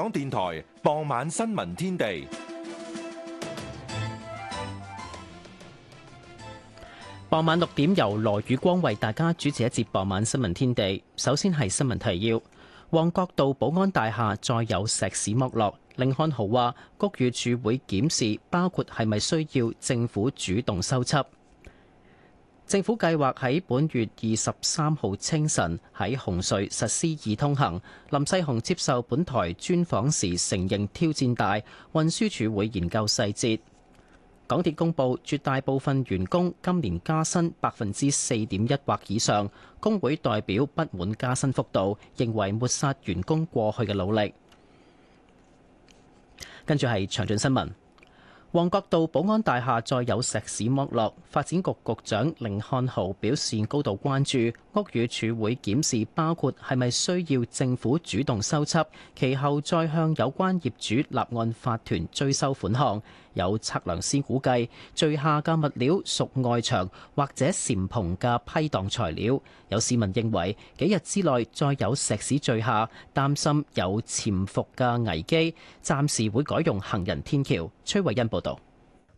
港電台傍晚新聞天地。傍晚六點由羅宇光為大家主持一節傍晚新聞天地。首先係新聞提要：旺角道保安大廈再有石屎剝落，甯漢豪話屋宇署會檢視，包括係咪需要政府主動修葺。政府計劃喺本月二十三號清晨喺紅隧實施易通行。林世雄接受本台專訪時承認挑戰大，運輸署會研究細節。港鐵公佈絕大部分員工今年加薪百分之四點一或以上，工會代表不滿加薪幅度，認為抹殺員工過去嘅努力。跟住係詳盡新聞。旺角道保安大廈再有石屎剝落，發展局局長甯漢豪表示高度關注，屋宇署會檢視，包括係咪需要政府主動收葺，其後再向有關業主立案法團追收款項。有測量師估計墜下嘅物料屬外牆或者簾篷嘅批盪材料。有市民認為幾日之內再有石屎墜下，擔心有潛伏嘅危機，暫時會改用行人天橋。崔慧欣報導。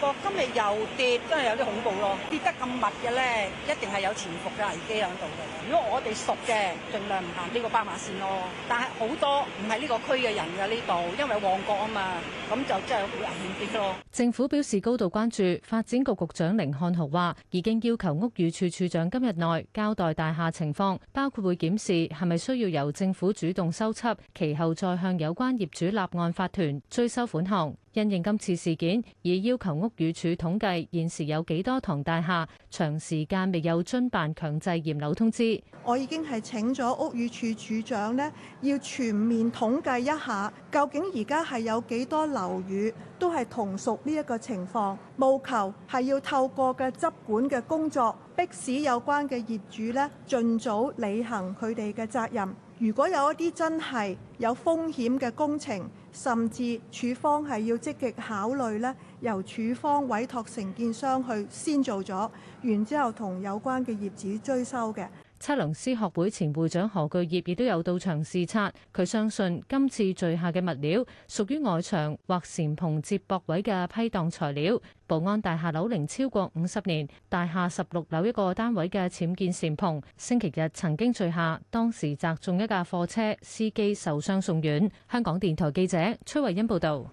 個今日又跌，真係有啲恐怖咯！跌得咁密嘅咧，一定係有潛伏嘅危機喺度嘅。如果我哋熟嘅，儘量唔行呢個斑馬線咯。但係好多唔係呢個區嘅人嘅呢度，因為旺角啊嘛，咁就真係好危險啲咯。政府表示高度關注，發展局局長凌漢豪話已經要求屋宇署署長今日內交代大廈情況，包括會檢視係咪需要由政府主動收葺，其後再向有關業主立案法團追收款項。因應今次事件，已要求屋宇署統計現時有幾多幢大廈長時間未有遵辦強制驗樓通知。我已經係請咗屋宇署署長呢要全面統計一下，究竟而家係有幾多樓宇都係同屬呢一個情況，務求係要透過嘅執管嘅工作，迫使有關嘅業主呢盡早履行佢哋嘅責任。如果有一啲真係有風險嘅工程，甚至署方係要積極考慮由署方委託承建商去先做咗，然之後同有關嘅業主追收嘅。測量師學會前會長何巨業亦都有到場視察，佢相信今次墜下嘅物料屬於外牆或簷篷接駁位嘅批蕩材料。保安大廈樓齡超過五十年，大廈十六樓一個單位嘅僭建簷篷星期日曾經墜下，當時砸中一架貨車，司機受傷送院。香港電台記者崔慧欣報道。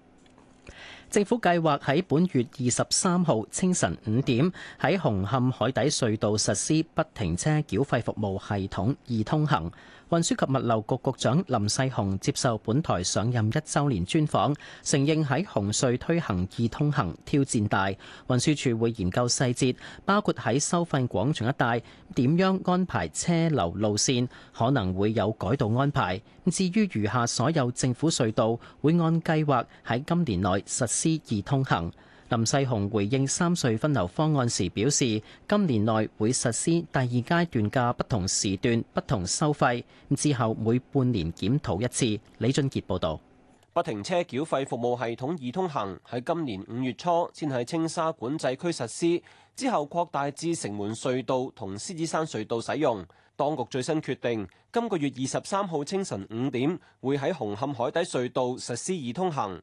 政府計劃喺本月二十三號清晨五點喺紅磡海底隧道實施不停車繳費服務系統易通行。運輸及物流局局長林世雄接受本台上任一周年專訪，承認喺紅隧推行易通行挑戰大，運輸處會研究細節，包括喺收費廣場一帶點樣安排車流路線，可能會有改道安排。至於餘下所有政府隧道，會按計劃喺今年內實施易通行。林世雄回應三隧分流方案時表示，今年內會實施第二階段嘅不同時段不同收費，之後每半年檢討一次。李俊杰報道，不停車繳費服務系統易通行，喺今年五月初先喺青沙管制區實施，之後擴大至城門隧道同獅子山隧道使用。當局最新決定，今個月二十三號清晨五點會喺紅磡海底隧道實施易通行。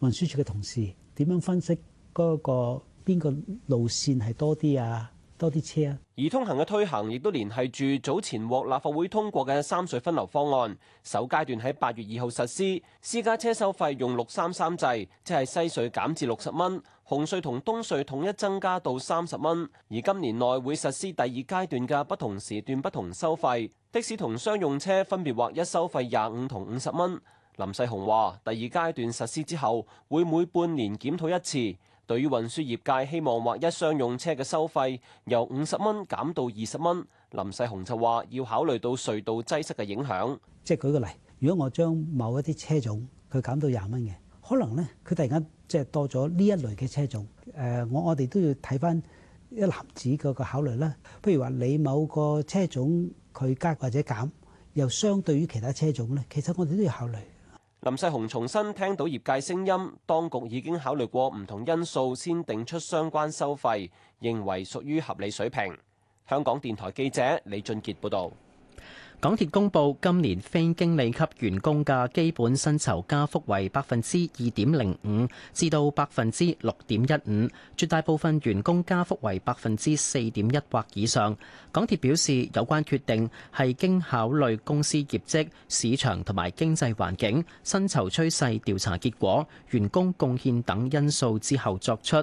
運輸署嘅同事點樣分析嗰、那個邊個路線係多啲啊？多啲車啊！而通行嘅推行亦都聯繫住早前獲立法會通過嘅三隧分流方案，首階段喺八月二號實施私家車收費用六三三制，即係西隧減至六十蚊，紅隧同東隧統一增加到三十蚊。而今年內會實施第二階段嘅不同時段不同收費，的士同商用車分別劃一收費廿五同五十蚊。林世雄話，第二階段實施之後，會每半年檢討一次。對於運輸業界希望劃一商用車嘅收費由五十蚊減到二十蚊，林世雄就話要考慮到隧道擠塞嘅影響。即係舉個例，如果我將某一啲車種佢減到廿蚊嘅，可能呢，佢突然間即係多咗呢一類嘅車種，誒、呃，我我哋都要睇翻一籃子嗰個考慮啦。譬如話你某個車種佢加或者減，又相對於其他車種咧，其實我哋都要考慮。林世雄重新，聽到業界聲音，當局已經考慮過唔同因素，先定出相關收費，認為屬於合理水平。香港電台記者李俊杰報道。港鐵公佈今年非經理級員工嘅基本薪酬加幅為百分之二點零五至到百分之六點一五，絕大部分員工加幅為百分之四點一或以上。港鐵表示，有關決定係經考慮公司業績、市場同埋經濟環境、薪酬趨勢調查結果、員工貢獻等因素之後作出。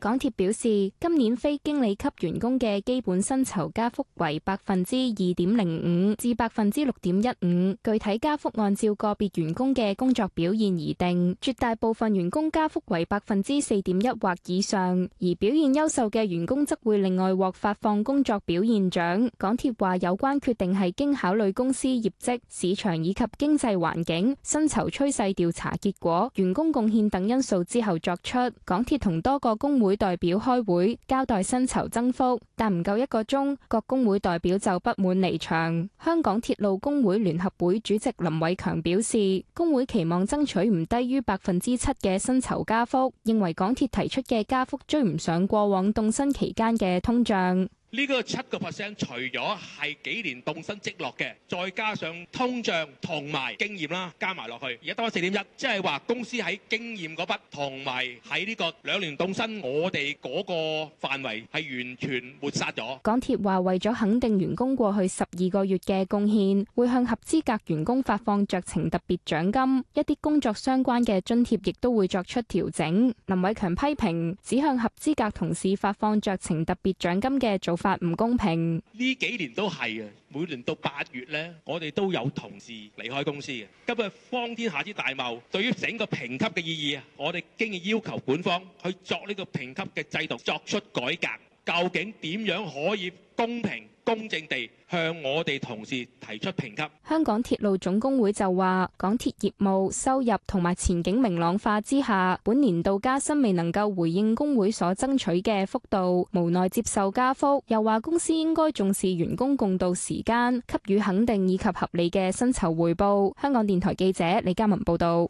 港鐵表示，今年非經理級員工嘅基本薪酬加幅為百分之二點零五至百分之六點一五，具體加幅按照個別員工嘅工作表現而定。絕大部分員工加幅為百分之四點一或以上，而表現優秀嘅員工則會另外獲發放工作表現獎。港鐵話有關決定係經考慮公司業績、市場以及經濟環境、薪酬趨勢調查結果、員工貢獻等因素之後作出。港鐵同多個工會。會代表開會交代薪酬增幅，但唔夠一個鐘，各工會代表就不滿離場。香港鐵路工會聯合會主席林偉強表示，工會期望爭取唔低於百分之七嘅薪酬加幅，認為港鐵提出嘅加幅追唔上過往凍薪期間嘅通脹。呢個七個 percent 除咗係幾年凍薪積落嘅，再加上通脹同埋經驗啦，加埋落去而家得翻四點一，即係話公司喺經驗嗰筆同埋喺呢個兩年凍薪，我哋嗰個範圍係完全抹殺咗。港鐵話為咗肯定員工過去十二個月嘅貢獻，會向合資格員工發放酌情特別獎金，一啲工作相關嘅津貼亦都會作出調整。林偉強批評只向合資格同事發放酌情特別獎金嘅組法唔公平，呢幾年都係啊。每年到八月咧，我哋都有同事離開公司嘅。今日方天下之大謬，對於整個評級嘅意義，我哋經已要求本方去作呢個評級嘅制度作出改革。究竟點樣可以公平，公正地向我哋同事提出評級。香港鐵路總工會就話，港鐵業務收入同埋前景明朗化之下，本年度加薪未能夠回應工會所爭取嘅幅度，無奈接受加幅。又話公司應該重視員工共度時間，給予肯定以及合理嘅薪酬回報。香港電台記者李嘉文報道。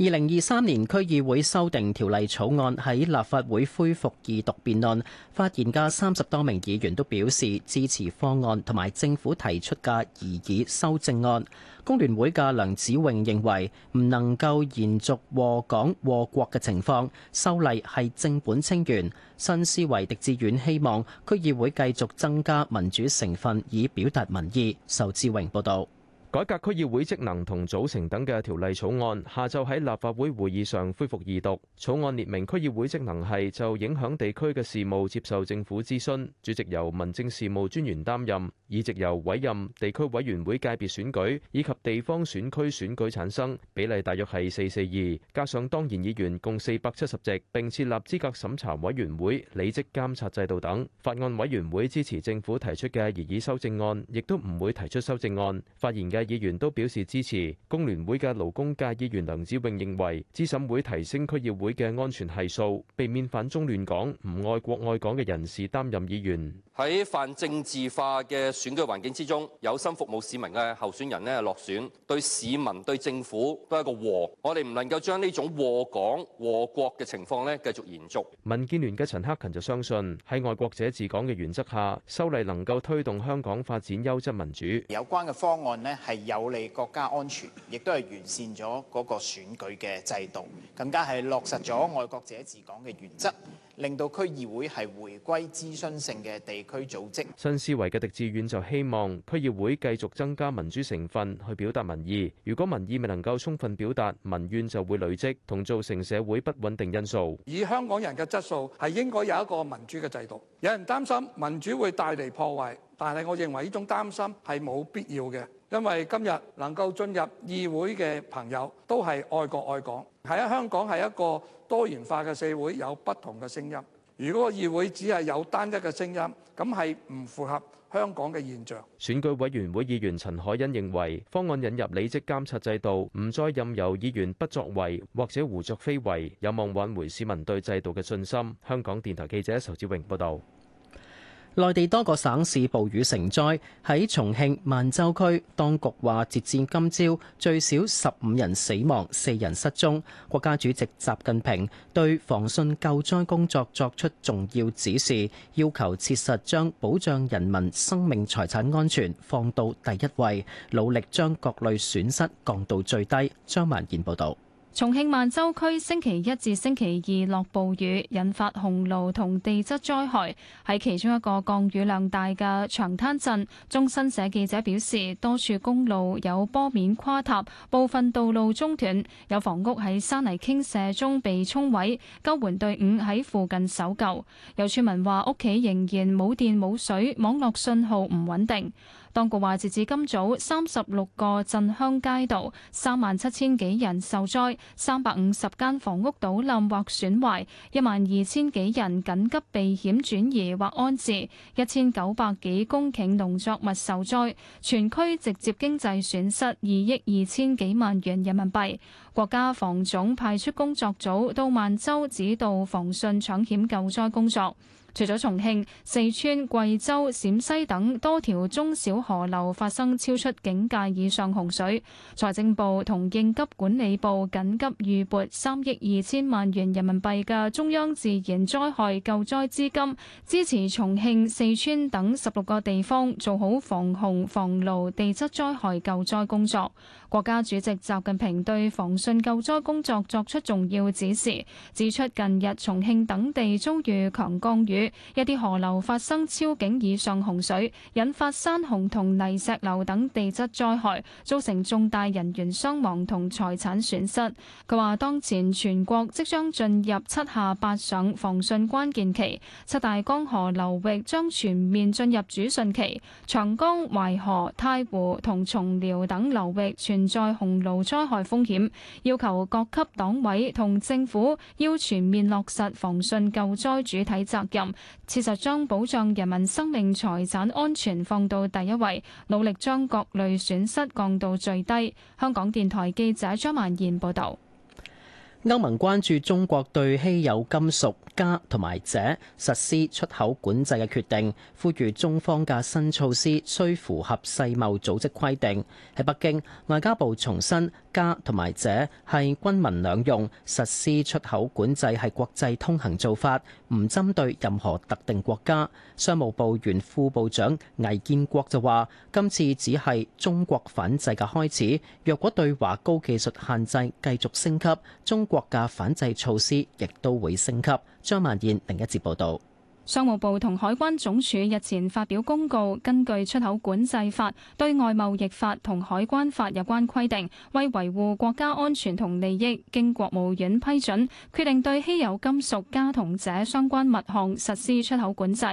二零二三年區議會修訂條例草案喺立法會恢復二讀辯論，發言嘅三十多名議員都表示支持方案，同埋政府提出嘅疑議修正案。工聯會嘅梁子穎認為唔能夠延續禍港禍國嘅情況，修例係正本清源。新思維狄志遠希望區議會繼續增加民主成分，以表達民意。仇志榮報導。改革區議會職能同組成等嘅條例草案，下晝喺立法會會議上恢復二讀。草案列明區議會職能係就影響地區嘅事務接受政府諮詢，主席由民政事務專員擔任，議席由委任、地區委員會界別選舉以及地方選區選舉產生，比例大約係四四二。加上當然議員共四百七十席，並設立資格審查委員會、履職監察制度等。法案委員會支持政府提出嘅擬議修正案，亦都唔會提出修正案。發言嘅議員都表示支持。工聯會嘅勞工界議員梁子穎認為，資審會提升區議會嘅安全系數，避免反中亂港、唔愛國愛港嘅人士擔任議員。喺泛政治化嘅選舉環境之中，有心服務市民嘅候選人咧落選，對市民對政府都係一個禍。我哋唔能夠將呢種禍港禍國嘅情況咧繼續延續。民建聯嘅陳克勤就相信喺愛國者治港嘅原則下，修例能夠推動香港發展優質民主。有關嘅方案咧。係有利國家安全，亦都係完善咗嗰個選舉嘅制度，更加係落實咗愛國者治港嘅原則，令到區議會係回歸諮詢性嘅地區組織。新思維嘅狄志遠就希望區議會繼續增加民主成分去表達民意。如果民意未能夠充分表達，民怨就會累積，同造成社會不穩定因素。以香港人嘅質素，係應該有一個民主嘅制度。有人擔心民主會帶嚟破壞，但係我認為呢種擔心係冇必要嘅。因為今日能夠進入議會嘅朋友，都係愛國愛港。喺香港係一個多元化嘅社會，有不同嘅聲音。如果議會只係有單一嘅聲音，咁係唔符合香港嘅現象。選舉委員會議員陳凱欣認為，方案引入履職監察制度，唔再任由議員不作為或者胡作非為，有望挽回市民對制度嘅信心。香港電台記者仇志榮報道。內地多個省市暴雨成災，喺重慶萬州區，當局話截至今朝最少十五人死亡，四人失蹤。國家主席習近平對防汛救災工作作出重要指示，要求切實將保障人民生命財產安全放到第一位，努力將各類損失降到最低。張曼賢報導。重慶萬州區星期一至星期二落暴雨，引發洪澇同地質災害。喺其中一個降雨量大嘅長灘鎮，中新社記者表示，多處公路有坡面垮塌，部分道路中斷，有房屋喺山泥傾瀉中被沖毀，救援隊伍喺附近搜救。有村民話屋企仍然冇電冇水，網絡信號唔穩定。當局話，截至今早，三十六個鎮鄉街道，三萬七千幾人受災，三百五十間房屋倒冧或損壞，一萬二千幾人緊急避險轉移或安置，一千九百幾公頃農作物受災，全區直接經濟損失二億二千幾萬元人民幣。國家防總派出工作組到萬州指導防汛搶險救災工作。除咗重慶、四川、貴州、陝西等多條中小河流發生超出警戒以上洪水，財政部同應急管理部緊急預撥三億二千萬元人民幣嘅中央自然災害救災資金，支持重慶、四川等十六個地方做好防洪、防澇、地質災害救災工作。國家主席習近平對防汛救災工作作出重要指示，指出近日重慶等地遭遇強降雨，一啲河流發生超警以上洪水，引發山洪同泥石流等地質災害，造成重大人員傷亡同財產損失。佢話：當前全國即將進入七下八上防汛關鍵期，七大江河流域將全面進入主汛期，長江、淮河、太湖同松遼等流域全存在洪澇災害風險，要求各級黨委同政府要全面落實防汛救災主體責任，切實將保障人民生命財產安全放到第一位，努力將各類損失降到最低。香港電台記者張曼燕報道。歐盟關注中國對稀有金屬鎵同埋鍺實施出口管制嘅決定，呼籲中方嘅新措施需符合世貿組織規定。喺北京，外交部重申，鎵同埋鍺係軍民兩用，實施出口管制係國際通行做法，唔針對任何特定國家。商務部原副部長魏建國就話，今次只係中國反制嘅開始，若果對華高技術限制繼續升級，中國嘅反制措施亦都會升級。張萬燕另一節報道。商務部同海關總署日前發表公告，根據《出口管制法》、《對外貿易法》同《海關法》有關規定，為維護國家安全同利益，經國務院批准，決定對稀有金屬鎵同鍺相關物項實施出口管制。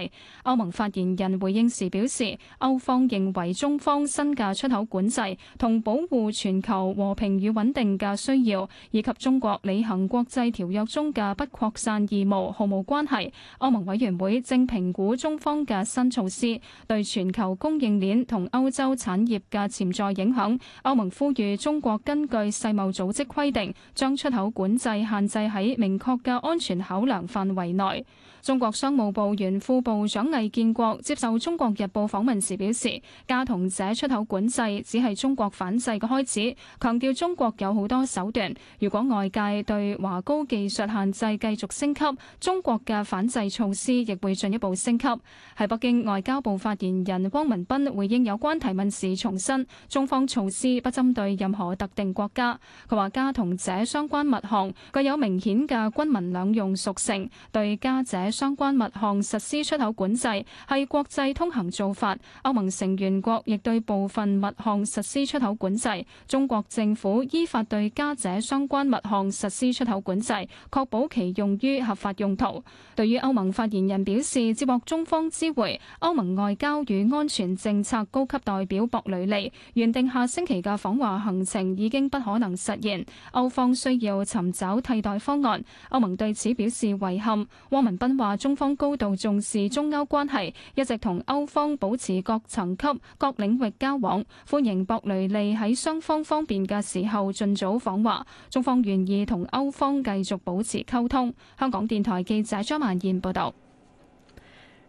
歐盟發言人回應時表示，歐方認為中方新嘅出口管制同保護全球和平與穩定嘅需要，以及中國履行國際條約中嘅不擴散義務毫無關係。歐盟委員會會正評估中方嘅新措施對全球供應鏈同歐洲產業嘅潛在影響。歐盟呼籲中國根據世貿組織規定，將出口管制限制喺明確嘅安全考量範圍內。中國商務部原副部長魏建國接受《中國日報》訪問時表示，鎵同鍺出口管制只係中國反制嘅開始，強調中國有好多手段。如果外界對華高技術限制繼續升級，中國嘅反制措施亦會進一步升級。喺北京外交部發言人汪文斌回應有關提問時重申，中方措施不針對任何特定國家。佢話：鎵同鍺相關物項具有明顯嘅軍民兩用屬性，對鎵鍺相關物項實施出口管制係國際通行做法，歐盟成員國亦對部分物項實施出口管制。中國政府依法對鎵鍺相關物項實施出口管制，確保其用於合法用途。對於歐盟發言人表示接獲中方知會，歐盟外交與安全政策高級代表博雷利原定下星期嘅訪華行程已經不可能實現，歐方需要尋找替代方案。歐盟對此表示遺憾。汪文斌話。中方高度重視中歐關係，一直同歐方保持各層級、各領域交往，歡迎博雷利喺雙方方便嘅時候盡早訪華。中方願意同歐方繼續保持溝通。香港電台記者張曼燕報道。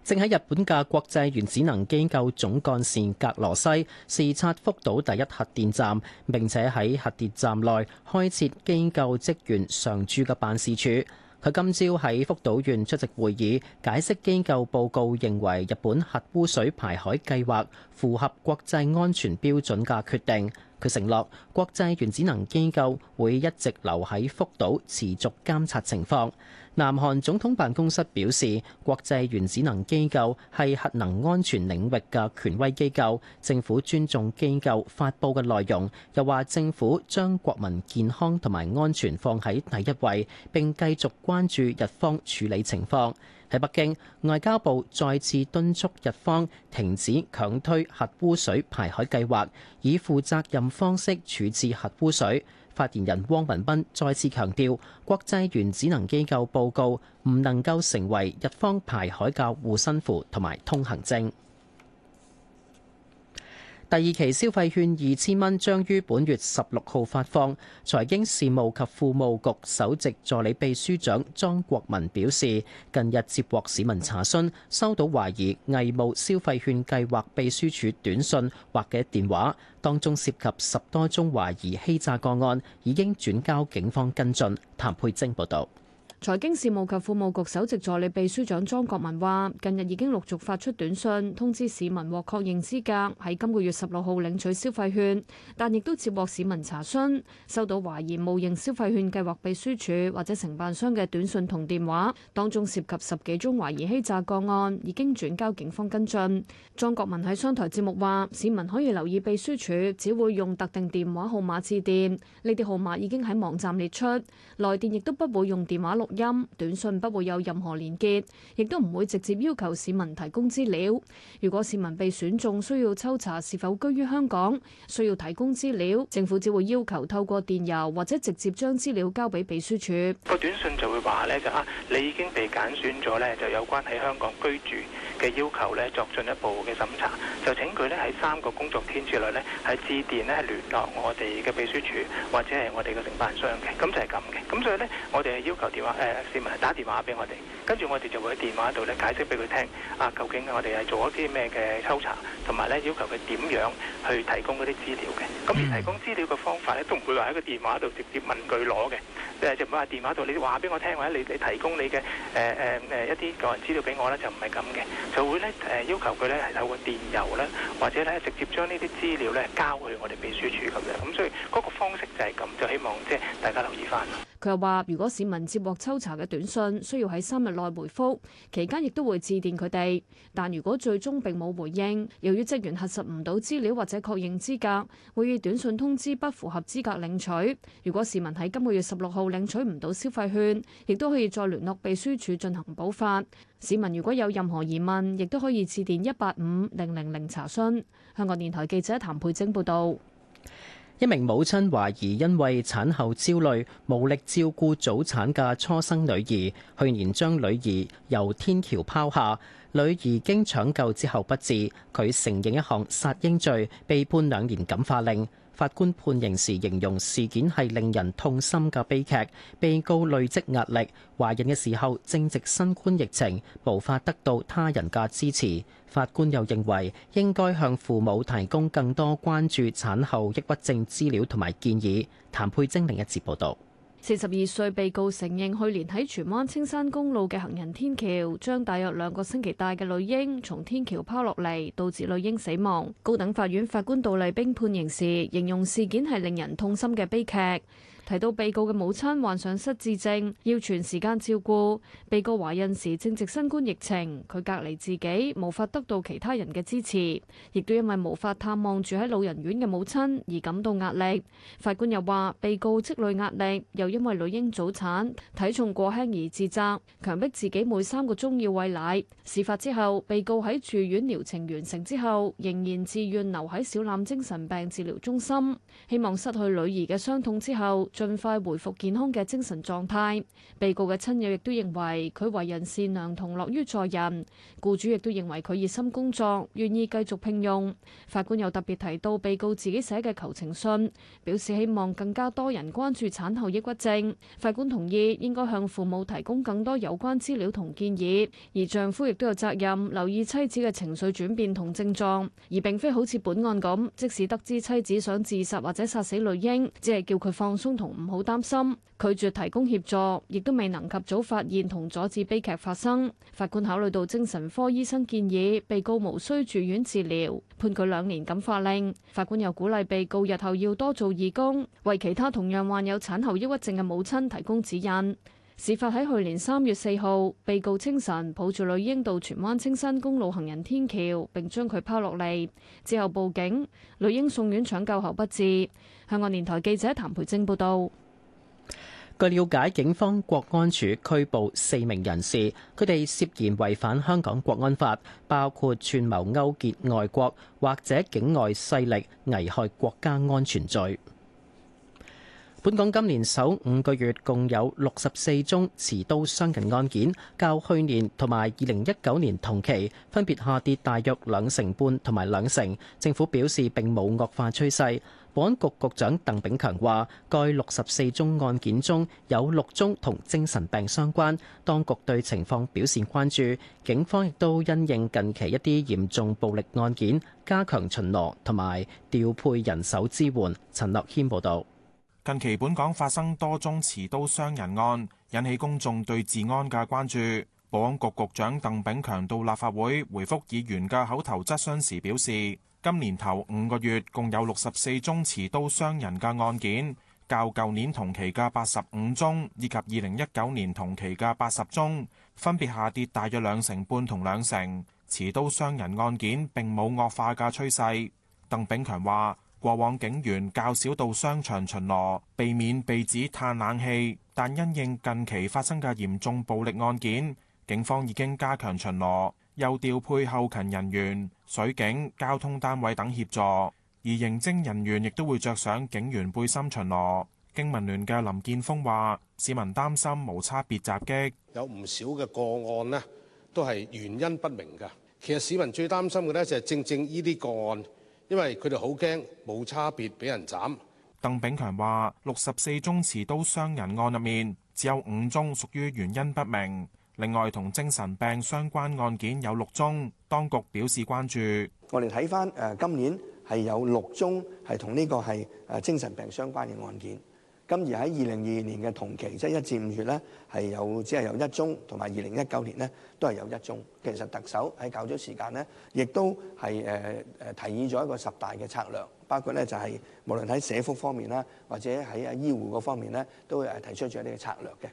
正喺日本嘅國際原子能機構總幹事格羅西視察福島第一核電站，並且喺核電站內開設機構職員常駐嘅辦事處。佢今朝喺福島縣出席會議，解釋機構報告認為日本核污水排海計劃符合國際安全標準嘅決定。佢承諾國際原子能機構會一直留喺福島持續監察情況，南韓總統辦公室表示，國際原子能機構係核能安全領域嘅權威機構，政府尊重機構發佈嘅內容。又話政府將國民健康同埋安全放喺第一位，並繼續關注日方處理情況。喺北京，外交部再次敦促日方停止強推核污水排海計劃，以負責任方式處置核污水。發言人汪文斌再次強調國際原子能機構報告唔能夠成為日方排海嘅護身符同埋通行證。第二期消費券二千蚊將於本月十六號發放。財經事務及庫務局首席助理秘書長莊國文表示，近日接獲市民查詢，收到懷疑偽冒消費券計劃秘書處短訊或者電話，當中涉及十多宗懷疑欺詐個案，已經轉交警方跟進。譚佩晶報導。財經事務及庫務局首席助理秘書長莊國文話：近日已經陸續發出短信通知市民獲確認資格，喺今個月十六號領取消費券，但亦都接獲市民查詢，收到懷疑冒認消費券計劃秘書處或者承辦商嘅短信同電話，當中涉及十幾宗懷疑欺詐個案，已經轉交警方跟進。莊國文喺商台節目話：市民可以留意秘書處只會用特定電話號碼致電，呢啲號碼已經喺網站列出，來電亦都不會用電話錄音短信，不會有任何連結，亦都唔會直接要求市民提供資料。如果市民被選中，需要抽查是否居於香港，需要提供資料，政府只會要求透過電郵或者直接將資料交俾秘書處。個短信，就會話咧就啊，你已經被揀選咗咧，就有關喺香港居住嘅要求咧，作進一步嘅審查，就請佢咧喺三個工作天之內咧，喺致電咧，係聯絡我哋嘅秘書處或者係我哋嘅承辦商嘅，咁就係咁嘅。咁所以咧，我哋係要求電話誒市民係打電話俾我哋，跟住我哋就會喺電話度咧解釋俾佢聽，啊，究竟我哋係做一啲咩嘅抽查，同埋咧要求佢點樣去提供嗰啲資料嘅，咁而提供資料嘅方法咧，都唔會話喺個電話度直接問佢攞嘅。誒、呃、就唔好喺電話度，你話俾我聽，或者你你提供你嘅誒誒誒一啲個人資料俾我咧，就唔係咁嘅，就會咧誒、呃、要求佢咧係透過電郵咧，或者咧直接將呢啲資料咧交去我哋秘書處咁樣。咁所以嗰、那個方式就係咁，就希望即係、呃、大家留意翻。佢又話：如果市民接獲抽查嘅短信，需要喺三日內回覆，期間亦都會致電佢哋。但如果最終並冇回應，由於職員核實唔到資料或者確認資格，會以短信通知不符合資格領取。如果市民喺今個月十六號領取唔到消費券，亦都可以再聯絡秘書處進行補發。市民如果有任何疑問，亦都可以致電一八五零零零查詢。香港電台記者譚佩晶報道。一名母親懷疑因為產後焦慮，無力照顧早產嘅初生女兒，去年將女兒由天橋拋下，女兒經搶救之後不治，佢承認一項殺嬰罪，被判兩年感化令。法官判刑時形容事件係令人痛心嘅悲劇，被告累積壓力，懷孕嘅時候正值新冠疫情，無法得到他人嘅支持。法官又認為應該向父母提供更多關注產後抑鬱症資料同埋建議。譚佩晶另一節報道。四十二歲被告承認去年喺荃灣青山公路嘅行人天橋將大約兩個星期大嘅女嬰從天橋拋落嚟，導致女嬰死亡。高等法院法官杜麗冰判刑時形容事件係令人痛心嘅悲劇。提到被告嘅母親患上失智症，要全時間照顧。被告懷孕時正值新冠疫情，佢隔離自己，無法得到其他人嘅支持，亦都因為無法探望住喺老人院嘅母親而感到壓力。法官又話，被告積累壓力，又因為女嬰早產、體重過輕而自責，強迫自己每三個鐘要餵奶。事發之後，被告喺住院療程完成之後，仍然自願留喺小欖精神病治療中心，希望失去女兒嘅傷痛之後。盡快回復健康嘅精神狀態。被告嘅親友亦都認為佢為人善良同樂於助人，僱主亦都認為佢熱心工作，願意繼續聘用。法官又特別提到被告自己寫嘅求情信，表示希望更加多人關注產後抑鬱症。法官同意應該向父母提供更多有關資料同建議，而丈夫亦都有責任留意妻子嘅情緒轉變同症狀，而並非好似本案咁，即使得知妻子想自殺或者殺死女嬰，只係叫佢放鬆同。唔好擔心，拒絕提供協助，亦都未能及早發現同阻止悲劇發生。法官考慮到精神科醫生建議被告無需住院治療，判佢兩年感化令。法官又鼓勵被告日後要多做義工，為其他同樣患有產後抑鬱症嘅母親提供指引。事發喺去年三月四號，被告清晨抱住女嬰到荃灣青山公路行人天橋，並將佢拋落嚟，之後報警，女嬰送院搶救後不治。香港電台記者譚培晶報道，據了解，警方國安處拘捕四名人士，佢哋涉嫌違反香港國安法，包括串謀勾結外國或者境外勢力危害國家安全罪。本港今年首五個月共有六十四宗持刀傷人案件，較去年同埋二零一九年同期分別下跌大約兩成半同埋兩成。政府表示，並冇惡化趨勢。保安局局長鄧炳強話，該六十四宗案件中有六宗同精神病相關，當局對情況表示關注。警方亦都因應近期一啲嚴重暴力案件，加強巡邏同埋調配人手支援。陳樂謙報道。近期本港發生多宗持刀傷人案，引起公眾對治安嘅關注。保安局局長鄧炳強到立法會回覆議員嘅口頭質詢時表示。今年頭五個月共有六十四宗持刀傷人嘅案件，較舊年同期嘅八十五宗以及二零一九年同期嘅八十宗，分別下跌大約兩成半同兩成。持刀傷人案件並冇惡化嘅趨勢。鄧炳強話：過往警員較少到商場巡邏，避免被指嘆冷氣，但因應近期發生嘅嚴重暴力案件，警方已經加強巡邏。又調配後勤人員、水警、交通單位等協助，而刑偵人員亦都會着上警員背心巡邏。經民聯嘅林建峰話，市民擔心無差別襲擊，有唔少嘅個案呢，都係原因不明嘅。其實市民最擔心嘅呢就係正正呢啲個案，因為佢哋好驚冇差別俾人斬。鄧炳強話，六十四宗持刀傷人案入面，只有五宗屬於原因不明。另外同精神病相關案件有六宗，當局表示關注。我哋睇翻誒今年係有六宗係同呢個係誒精神病相關嘅案件。咁而喺二零二二年嘅同期，即係一至五月咧，係有只係有一宗，同埋二零一九年咧都係有一宗。其實特首喺較早時間咧，亦都係誒誒提議咗一個十大嘅策略，包括咧就係無論喺社福方面啦，或者喺啊醫護嗰方面咧，都係提出咗一啲嘅策略嘅。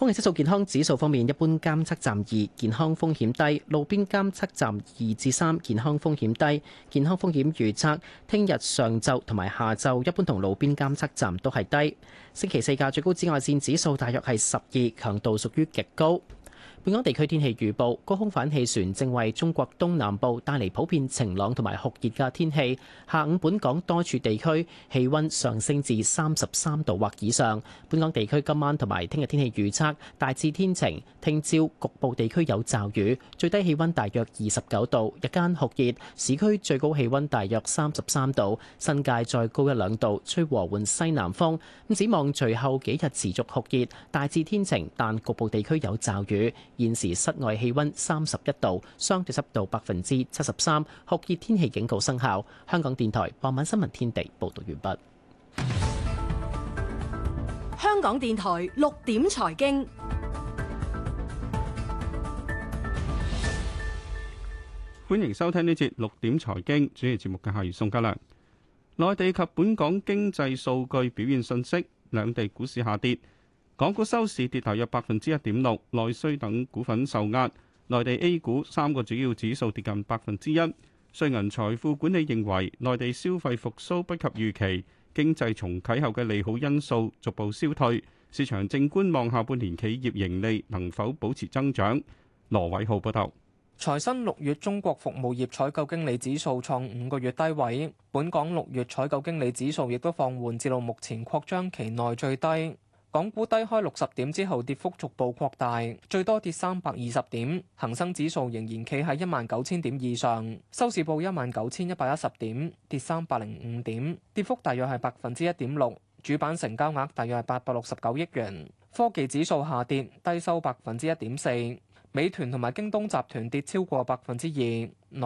空氣質素健康指數方面，一般監測站二，健康風險低；路邊監測站二至三，健康風險低。健康風險預測，聽日上晝同埋下晝，一般同路邊監測站都係低。星期四嘅最高紫外線指數大約係十二，強度屬於極高。本港地區天氣預報。高空反氣旋正為中國東南部帶嚟普遍晴朗同埋酷熱嘅天氣，下午本港多處地區氣溫上升至三十三度或以上。本港地區今晚同埋聽日天氣預測，大致天晴，聽朝局部地區有驟雨，最低氣溫大約二十九度，日間酷熱，市區最高氣溫大約三十三度，新界再高一兩度，吹和緩西南風，咁展望隨後幾日持續酷熱，大致天晴，但局部地區有驟雨。現時室外氣溫三十一度，相對濕度百分之七十三，酷熱天氣警告生效。香港電台傍晚新聞天地報道完畢。香港電台六點財經，歡迎收聽呢節六點財經，主持節目嘅係宋家良。內地及本港經濟數據表現遜色，兩地股市下跌。港股收市跌，大約百分之一點六，內需等股份受壓。內地 A 股三個主要指數跌近百分之一。瑞銀財富管理認為，內地消費復蘇不及預期，經濟重啟後嘅利好因素逐步消退，市場正觀望下半年企業盈利能否保持增長。羅偉浩報道。財新六月中國服務業採購經理指數創五個月低位，本港六月採購經理指數亦都放緩，至到目前擴張期內最低。港股低開六十點之後，跌幅逐步擴大，最多跌三百二十點。恒生指數仍然企喺一萬九千點以上，收市報一萬九千一百一十點，跌三百零五點，跌幅大約係百分之一點六。主板成交額大約係八百六十九億元。科技指數下跌，低收百分之一點四。美團同埋京東集團跌超過百分之二。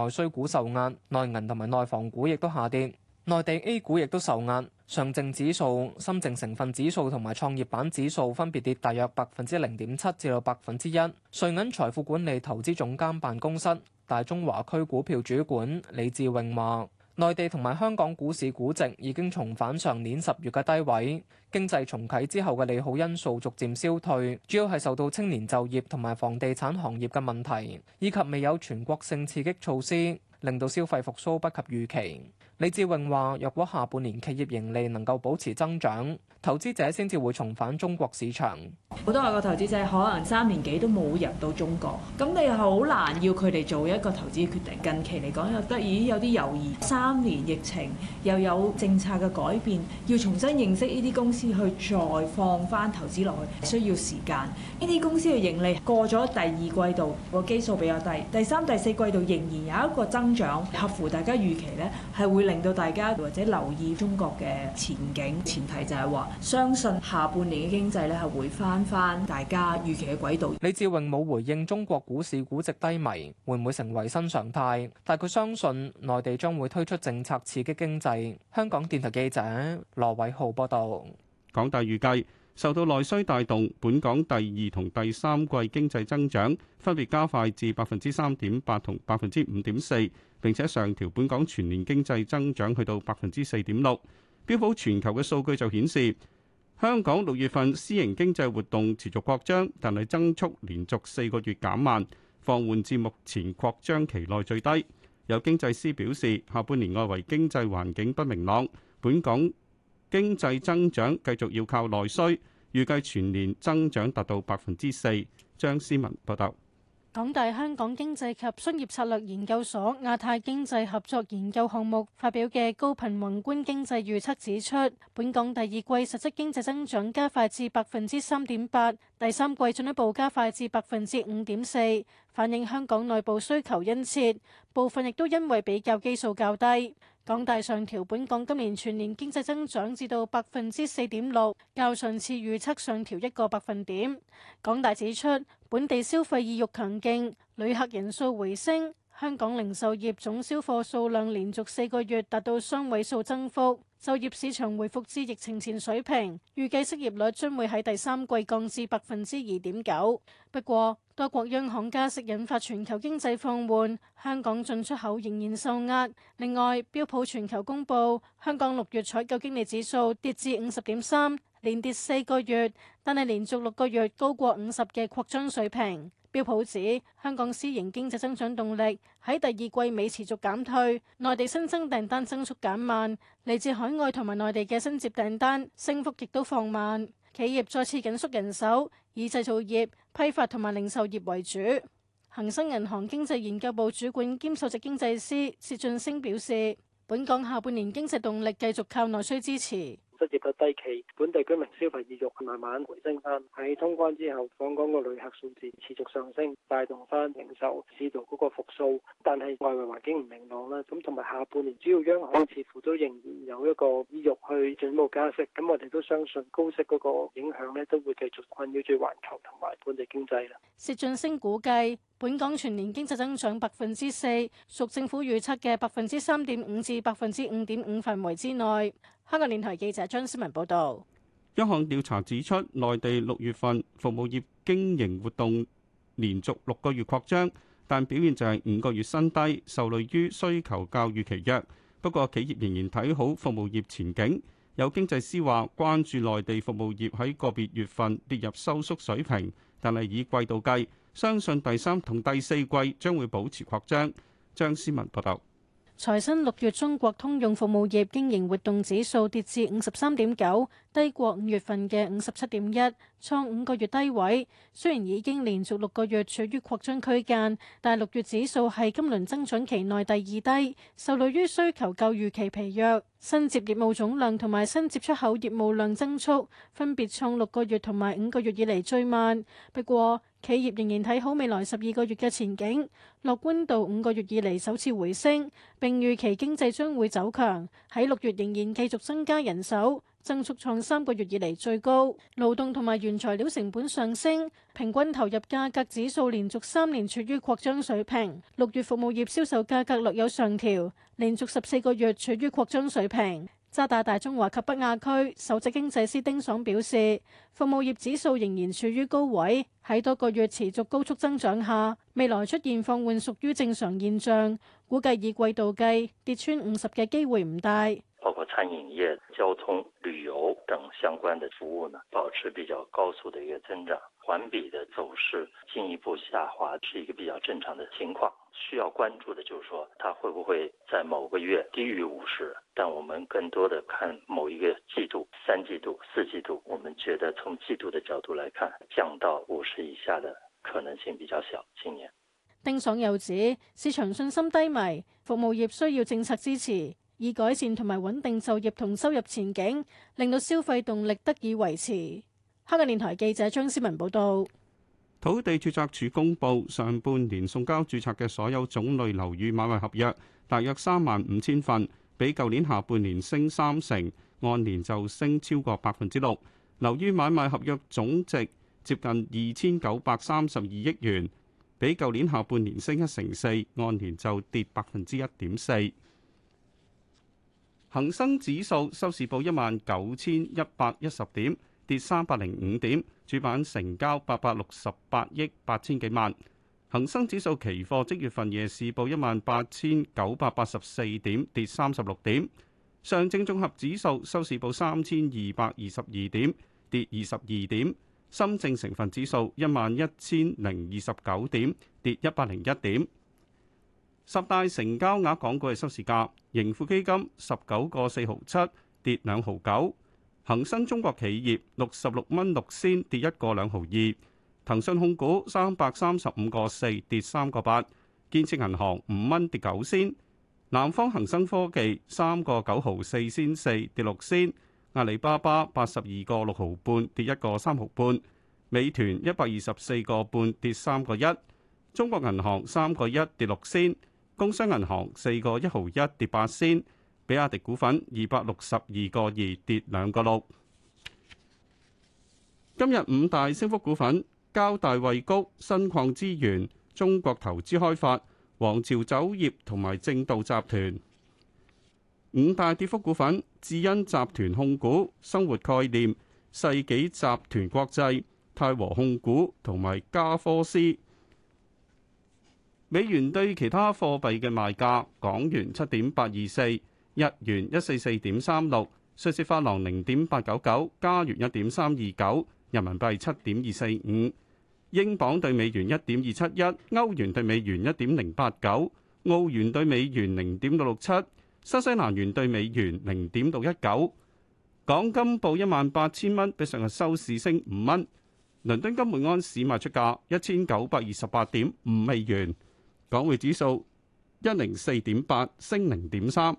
內需股受壓，內銀同埋內房股亦都下跌，內地 A 股亦都受壓。上證指數、深證成分指數同埋創業板指數分別跌大約百分之零點七至到百分之一。瑞銀財富管理投資總監辦公室、大中華區股票主管李志榮話，內地同埋香港股市估值已經重返上年十月嘅低位。經濟重啟之後嘅利好因素逐漸消退，主要係受到青年就業同埋房地產行業嘅問題，以及未有全國性刺激措施，令到消費復甦不及預期。李志榮話：若果下半年企業盈利能夠保持增長，投資者先至會重返中國市場。好多外國投資者可能三年幾都冇入到中國，咁你好難要佢哋做一個投資決定。近期嚟講又得，咦有啲猶豫。三年疫情又有政策嘅改變，要重新認識呢啲公司去再放翻投資落去，需要時間。呢啲公司嘅盈利過咗第二季度，個基數比較低，第三、第四季度仍然有一個增長，合乎大家預期呢係會令到大家或者留意中國嘅前景，前提就係話相信下半年嘅經濟咧係會翻翻大家預期嘅軌道。李志榮冇回應中國股市估值低迷會唔會成為新常態，但佢相信內地將會推出政策刺激經濟。香港電台記者羅偉浩報道，港大預計。受到內需帶動，本港第二同第三季經濟增長分別加快至百分之三點八同百分之五點四，並且上調本港全年經濟增長去到百分之四點六。標普全球嘅數據就顯示，香港六月份私營經濟活動持續擴張，但係增速連續四個月減慢，放緩至目前擴張期內最低。有經濟師表示，下半年外圍經濟環境不明朗，本港經濟增長繼續要靠內需，預計全年增長達到百分之四。張思文報道，港大香港經濟及商業策略研究所亞太經濟合作研究項目發表嘅高頻宏觀經濟預測指出，本港第二季實質經濟增長加快至百分之三點八，第三季進一步加快至百分之五點四，反映香港內部需求殷切，部分亦都因為比較基數較低。港大上調本港今年全年經濟增長至到百分之四點六，較上次預測上調一個百分點。港大指出，本地消費意欲強勁，旅客人數回升，香港零售業總銷貨數量連續四個月達到雙位數增幅，就業市場回復至疫情前水平，預計失業率將會喺第三季降至百分之二點九。不過，多國央行加息引發全球經濟放緩，香港進出口仍然受壓。另外，標普全球公布香港六月採購經理指數跌至五十點三，連跌四個月，但係連續六個月高過五十嘅擴張水平。標普指香港私營經濟增長動力喺第二季尾持續減退，內地新增訂單增速減慢，嚟自海外同埋內地嘅新接訂單升幅亦都放慢。企業再次緊縮人手，以製造業、批發同埋零售業為主。恒生銀行經濟研究部主管兼首席經濟師薛俊升表示，本港下半年經濟動力繼續靠內需支持。失業率低企，本地居民消費意欲慢慢回升翻。喺通關之後，訪港個旅客數字持續上升，帶動翻零售市道嗰個復甦。但係外圍環境唔明朗啦，咁同埋下半年主要央行似乎都仍然有一個意欲去進一步加息。咁我哋都相信高息嗰個影響咧，都會繼續困擾住環球同埋本地經濟啦。薛俊升估計，本港全年經濟增長百分之四，屬政府預測嘅百分之三點五至百分之五點五範圍之內。香港電台記者張思文報道：一項調查指出，內地六月份服務業經營活動連續六個月擴張，但表現就係五個月新低，受累於需求較預期弱。不過企業仍然睇好服務業前景。有經濟師話，關注內地服務業喺個別月份跌入收縮水平，但係以季度計，相信第三同第四季將會保持擴張。張思文報道。財新六月中國通用服務業經營活動指數跌至五十三點九，低過五月份嘅五十七點一，創五個月低位。雖然已經連續六個月處於擴張區間，但六月指數係今輪增長期內第二低，受累於需求較預期疲弱。新接業務總量同埋新接出口業務量增速分別創六個月同埋五個月以嚟最慢，不過企業仍然睇好未來十二個月嘅前景，樂觀度五個月以嚟首次回升，並預期經濟將會走強，喺六月仍然繼續增加人手。增速創三個月以嚟最高，勞動同埋原材料成本上升，平均投入價格指數連續三年處於擴張水平。六月服務業銷售價格略有上調，連續十四個月處於擴張水平。渣打大中華及北亞區首席經濟師丁爽表示，服務業指數仍然處於高位，喺多個月持續高速增長下，未來出現放緩屬於正常現象，估計以季度計跌穿五十嘅機會唔大。餐飲業、交通、旅遊等相關的服務呢，保持比較高速的一個增長，環比的走勢進一步下滑是一個比較正常的情況。需要關注的就是說，它會不會在某個月低於五十？但我們更多的看某一個季度，三季度、四季度，我們覺得從季度的角度來看，降到五十以下的可能性比較小。今年，丁爽又指市場信心低迷，服務業需要政策支持。以改善同埋穩定就業同收入前景，令到消費動力得以維持。香港電台記者張思文報道，土地註冊處公佈上半年送交註冊嘅所有種類樓宇買賣合約，大約三萬五千份，比舊年下半年升三成，按年就升超過百分之六。樓宇買賣合約總值接近二千九百三十二億元，比舊年下半年升一成四，按年就跌百分之一點四。恒生指數收市報一萬九千一百一十點，跌三百零五點，主板成交八百六十八億八千幾萬。恒生指數期貨即月份夜市報一萬八千九百八十四點，跌三十六點。上證綜合指數收市報三千二百二十二點，跌二十二點。深證成分指數一萬一千零二十九點，跌一百零一點。十大成交額港股嘅收市價，盈富基金十九個四毫七跌兩毫九，恒生中國企業六十六蚊六仙跌一個兩毫二，騰訊控股三百三十五個四跌三個八，建設銀行五蚊跌九仙，南方恒生科技三個九毫四仙四跌六仙，阿里巴巴八十二個六毫半跌一個三毫半，美團一百二十四個半跌三個一，中國銀行三個一跌六仙。工商銀行四個一毫一跌八仙，比亞迪股份二百六十二個二跌兩個六。今日五大升幅股份：交大慧谷、新礦資源、中國投資開發、王朝酒業同埋正道集團。五大跌幅股份：智恩集團控股、生活概念、世紀集團國際、泰和控股同埋加科斯。美元對其他貨幣嘅賣價：港元七點八二四，日元一四四點三六，瑞士法郎零點八九九，加元一點三二九，人民幣七點二四五，英鎊對美元一點二七一，歐元對美元一點零八九，澳元對美元零點六六七，新西蘭元對美元零點六一九。港金報一萬八千蚊，比上日收市升五蚊。倫敦金每安士賣出價一千九百二十八點五美元。港匯指數一零四點八，升零點三。